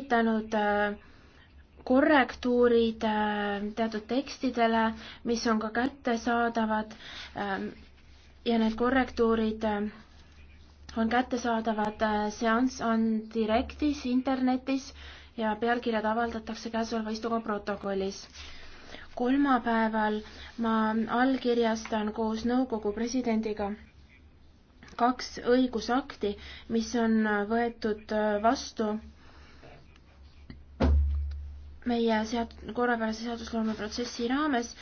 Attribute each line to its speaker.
Speaker 1: tekitanud äh, korrektuurid äh, teatud tekstidele, mis on ka kättesaadavad ähm, ja need korrektuurid äh, on kättesaadavad Seanss on Directis internetis ja pealkirjad avaldatakse käesoleva istungi protokollis. kolmapäeval ma allkirjastan koos nõukogu presidendiga kaks õigusakti, mis on võetud vastu meie sead-, korrapärase seadusloome protsessi raames